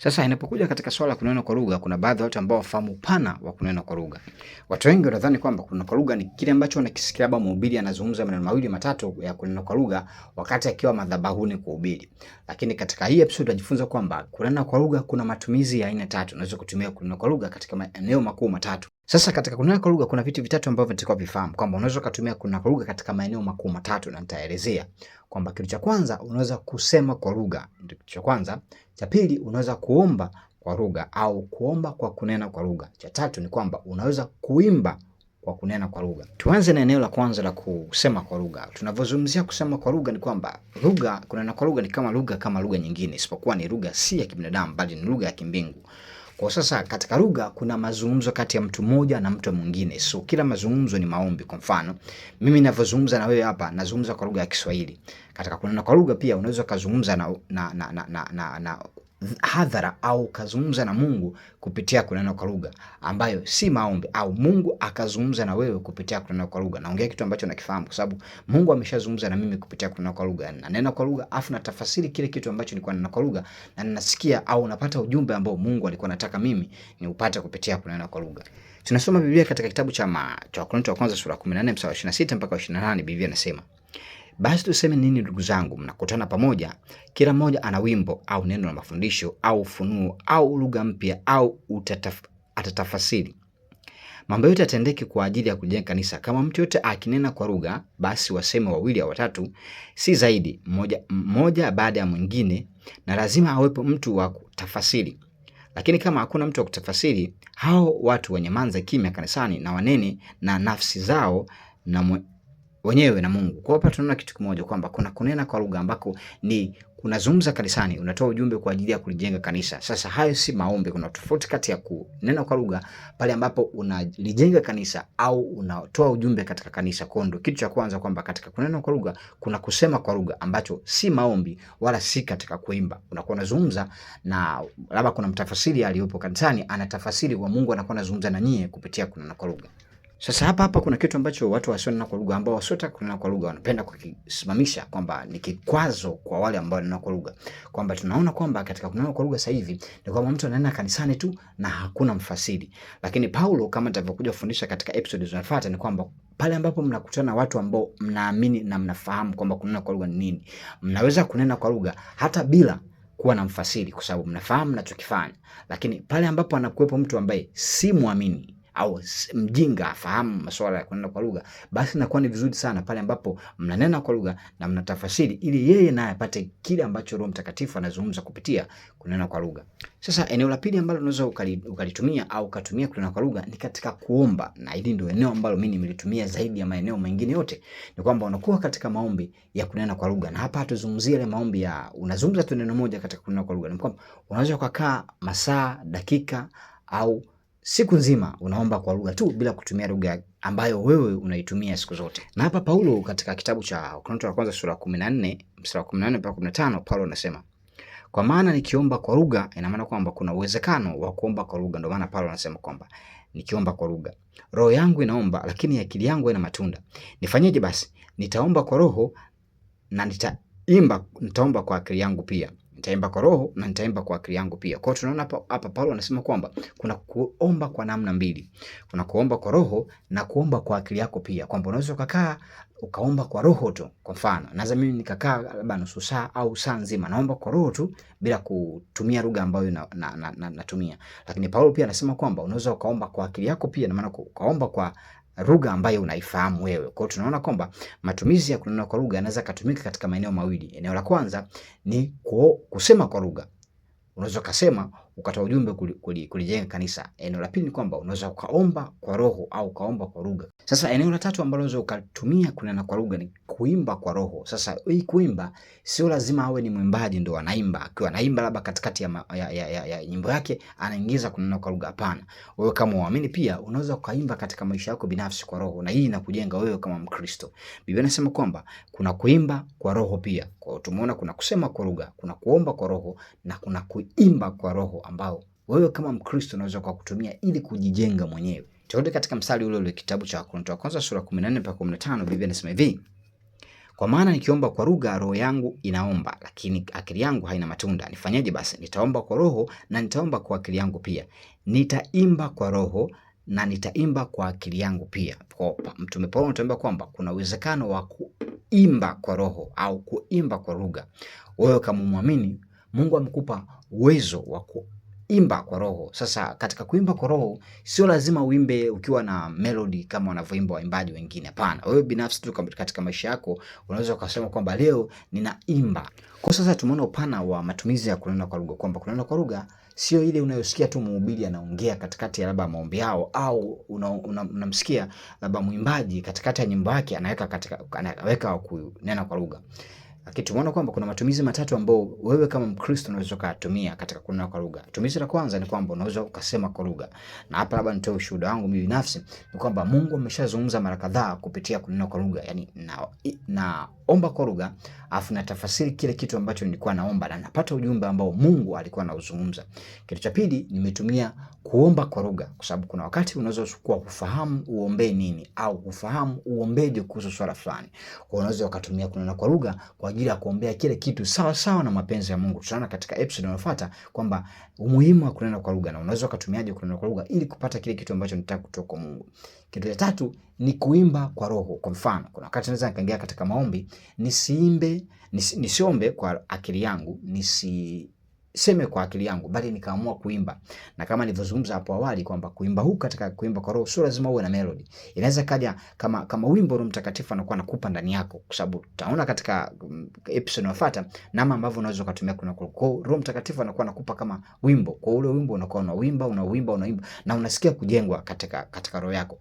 Sasa inapokuja katika swala la kunena kwa lugha, kuna baadhi ya watu ambao wafahamu upana wa kunena kwa lugha. Watu wengi wanadhani kwamba kunena kwa lugha ni kile ambacho wanakisikia labda mhubiri anazungumza maneno mawili matatu ya kunena kwa lugha wakati akiwa madhabahuni kuhubiri. Lakini katika hii episode tunajifunza kwamba kunena kwa lugha kuna matumizi ya aina tatu. Unaweza kutumia kunena kwa lugha katika maeneo makuu matatu. Sasa katika kunena kwa lugha kuna vitu vitatu ambavyo nitakuwa vifahamu kwamba unaweza kutumia kunena kwa lugha katika maeneo makuu matatu na nitaelezea kwamba kitu cha kwanza unaweza kusema kwa lugha, kitu cha kwanza. Cha pili unaweza kuomba kwa lugha au kuomba kwa kunena kwa lugha. Cha tatu ni kwamba unaweza kuimba kwa kunena kwa lugha. Tuanze na eneo la kwanza la kusema kwa lugha. Tunavyozungumzia kusema kwa lugha ni kwamba lugha, kunena kwa lugha ni kama lugha kama lugha nyingine isipokuwa ni lugha si ya kibinadamu bali ni lugha ya kimbingu. Kwa sasa katika lugha kuna mazungumzo kati ya mtu mmoja na mtu mwingine, so kila mazungumzo ni maombi. Kwa mfano mimi ninavyozungumza na wewe hapa, nazungumza kwa lugha ya Kiswahili. Katika kunena kwa lugha pia unaweza ukazungumza na, na, na, na, na, na hadhara au ukazungumza na Mungu kupitia kunena kwa lugha ambayo si maombi, au Mungu akazungumza na wewe kupitia kunena kwa lugha. Naongea kitu ambacho nakifahamu kwa sababu Mungu ameshazungumza na mimi kupitia kunena kwa lugha. Nanena kwa lugha afu natafasiri kile kitu ambacho nilikuwa nanena kwa lugha na ninasikia au napata ujumbe ambao Mungu alikuwa anataka mimi niupate kupitia kunena kwa lugha. Tunasoma Biblia katika kitabu cha Wakorintho wa kwanza sura 14 mstari wa 26 mpaka 28. Biblia inasema basi tuseme nini, ndugu zangu? Mnakutana pamoja, kila mmoja ana wimbo au neno la mafundisho au ufunuo au lugha mpya au utataf, atatafasiri. Mambo yote yatendeke kwa ajili ya kujenga kanisa. Kama mtu yote akinena kwa lugha, basi waseme wawili au watatu, si zaidi, mmoja mmoja baada ya mwingine, na lazima awepo mtu wa kutafasiri. Lakini kama hakuna mtu wa kutafasiri, hao watu manza kimya kanisani na wanene na nafsi zao na mwe, wenyewe na Mungu. Kwa hapa tunaona kitu kimoja kwamba kuna kunena kwa lugha ambako ni unazungumza kanisani, unatoa ujumbe kwa ajili ya kulijenga kanisa. Sasa hayo si maombi. Kuna tofauti kati ya kunena kwa lugha pale ambapo unalijenga kanisa au unatoa ujumbe katika kanisa. Kwa ndo kitu cha kwanza kwamba katika kunena kwa lugha kuna kusema kwa lugha ambacho si maombi wala si katika kuimba. Unakuwa unazungumza na labda kuna mtafasiri aliyepo kanisani anatafasiri kwa Mungu, anakuwa anazungumza na nyie kupitia kunena kwa lugha. Sasa hapa hapa kuna kitu ambacho watu wasionena kwa lugha ambao wasiotaka kunena kwa lugha wanapenda kukisimamisha kwamba ni kikwazo kwa wale ambao wananena kwa lugha, kwamba tunaona kwamba katika kunena kwa lugha sasa hivi ni kwamba mtu anaenda kanisani tu na hakuna mfasiri. Lakini Paulo, kama nitavyokuja kufundisha katika episode zinazofuata, ni kwamba pale ambapo mnakutana watu ambao mnaamini na mnafahamu kwamba kunena kwa lugha ni nini, mnaweza kunena kwa lugha hata bila kuwa na mfasiri, kwa sababu mnafahamu mnachokifanya. Lakini pale ambapo anakuwepo mtu ambaye si mwamini au mjinga afahamu masuala ya kunena kwa lugha, basi inakuwa ni vizuri sana pale ambapo mnanena kwa lugha na mnatafasiri, ili yeye naye apate kile ambacho Roho Mtakatifu anazungumza kupitia kunena kwa lugha. Sasa eneo la pili ambalo unaweza ukalitumia au ukatumia kunena kwa lugha ni katika kuomba, na hili ndio eneo ambalo mimi nimelitumia zaidi ya maeneo mengine yote, ni kwamba unakuwa katika maombi ya kunena kwa lugha, na hapa hatuzungumzia ile maombi ya unazungumza tu neno moja katika kunena kwa lugha, ni kwamba unaweza ukakaa masaa, dakika au siku nzima unaomba kwa lugha tu bila kutumia lugha ambayo wewe unaitumia siku zote. Na hapa Paulo katika kitabu cha Wakorintho wa kwanza sura ya 14 mstari wa 14 mpaka 15, Paulo anasema kwa maana nikiomba kwa lugha, ina maana kwamba kuna uwezekano wa kuomba kwa lugha. Ndio maana Paulo anasema kwamba nikiomba kwa lugha, roho yangu inaomba, lakini akili yangu ina matunda. Nifanyeje basi? Nitaomba kwa roho na nitaimba, nitaomba kwa akili yangu pia nitaimba kwa roho na nitaimba kwa akili yangu pia. Kwa hiyo tunaona hapa Paulo anasema kwamba kuna kuomba kwa namna mbili, kuna kuomba kwa roho na kuomba kwa akili yako pia, kwamba unaweza ukakaa ukaomba kwa roho tu. Kwa mfano naweza mimi nikakaa labda nusu saa au saa nzima naomba kwa roho tu bila kutumia lugha ambayo na, na, na, na, natumia, lakini Paulo pia anasema kwamba unaweza ukaomba kwa akili yako pia, na maana ukaomba kwa lugha ambayo unaifahamu wewe. Kwa hiyo tunaona kwamba matumizi ya kunena kwa lugha yanaweza kutumika katika maeneo mawili. Eneo la kwanza ni kusema kwa lugha. Unaweza ukasema ukatoa ujumbe kulijenga kanisa. Eneo la pili ni kwamba unaweza ukaomba kwa roho au ukaomba kwa lugha. Sasa eneo la tatu ambalo unaweza ukatumia kunena kwa lugha ni kuimba kwa roho. Sasa hii kuimba sio lazima awe ni mwimbaji ndo anaimba, akiwa anaimba labda katikati ya, ya, ya, ya, ya nyimbo yake anaingiza kunena kwa lugha. Hapana, wewe kama waamini pia unaweza kuimba katika maisha yako binafsi kwa roho, na hii inakujenga wewe kama Mkristo. Biblia inasema kwamba kuna kuimba kwa roho pia. Kwa hiyo tumeona kuna kusema kwa lugha, kuna kuomba kwa roho na kuna kuimba kwa roho ambao wewe kama Mkristo unaweza kwa kutumia ili kujijenga mwenyewe. Turudi katika mstari ule ule kitabu cha Wakorintho wa kwanza sura 14 mpaka 15, Biblia inasema hivi: kwa maana nikiomba kwa lugha roho yangu inaomba, lakini akili yangu haina matunda. Nifanyaje basi? Nitaomba kwa roho na nitaomba kwa akili yangu pia. Nitaimba kwa roho na nitaimba kwa akili yangu pia. Kwa Mtume Paulo anatuambia kwamba kuna uwezekano wa kuimba kwa roho au kuimba kwa lugha. Wewe kama muamini, Mungu amekupa uwezo wa imba kwa roho. Sasa katika kuimba kwa roho sio lazima uimbe ukiwa na melody kama wanavyoimba waimbaji wengine, hapana. Wewe binafsi tu katika maisha yako unaweza ukasema kwamba leo ninaimba. Kwa sasa tumeona upana wa matumizi ya kunena kwa lugha, kwamba kunena kwa lugha sio ile unayosikia tu mhubiri anaongea katikati ya labda maombi yao, au unamsikia una, una labda mwimbaji katikati ya nyimbo yake anaweka katika anaweka kunena kwa lugha lakini tumeona kwamba kuna matumizi matatu ambayo wewe kama Mkristo unaweza kutumia katika kunena kwa lugha. Tumizi la kwanza ni kwamba unaweza ukasema kwa lugha, na hapa labda nitoe ushuhuda wangu mimi binafsi, ni kwamba Mungu ameshazungumza mara kadhaa kupitia kunena kwa lugha, yani na, na omba kwa lugha afu natafasiri kile kitu ambacho nilikuwa naomba na napata ujumbe ambao Mungu alikuwa anauzungumza. Kitu cha pili nimetumia kuomba kwa lugha, kwa sababu kuna wakati unaweza kuwa kufahamu uombee nini au kufahamu uombeje kuhusu swala fulani, kwa unaweza ukatumia kunena kwa lugha kwa ajili ya kuombea kile kitu sawa sawa na mapenzi ya Mungu. Tutaona katika episode inayofuata kwamba umuhimu wa kunena kwa lugha na unaweza ukatumiaje kunena kwa lugha ili kupata kile kitu ambacho nataka kutoka kwa Mungu. Kitu cha tatu ni kuimba kwa roho. Kwa mfano, kuna wakati naweza nikaingia katika maombi nisiimbe nisi, nisiombe kwa akili yangu nisiseme kwa akili yangu, bali nikaamua kuimba, na kama nilivyozungumza hapo awali kwamba kuimba huku katika kuimba kwa roho sio lazima uwe na melody. Inaweza kaja kama kama wimbo wa Mtakatifu anakuwa anakupa ndani yako, kwa sababu tutaona katika mm, episode inayofuata namna ambavyo unaweza kutumia kuna kwa Roho Mtakatifu anakuwa anakupa kama wimbo, kwa ule wimbo unakuwa unaimba, unaimba, unaimba na unasikia kujengwa katika katika roho yako.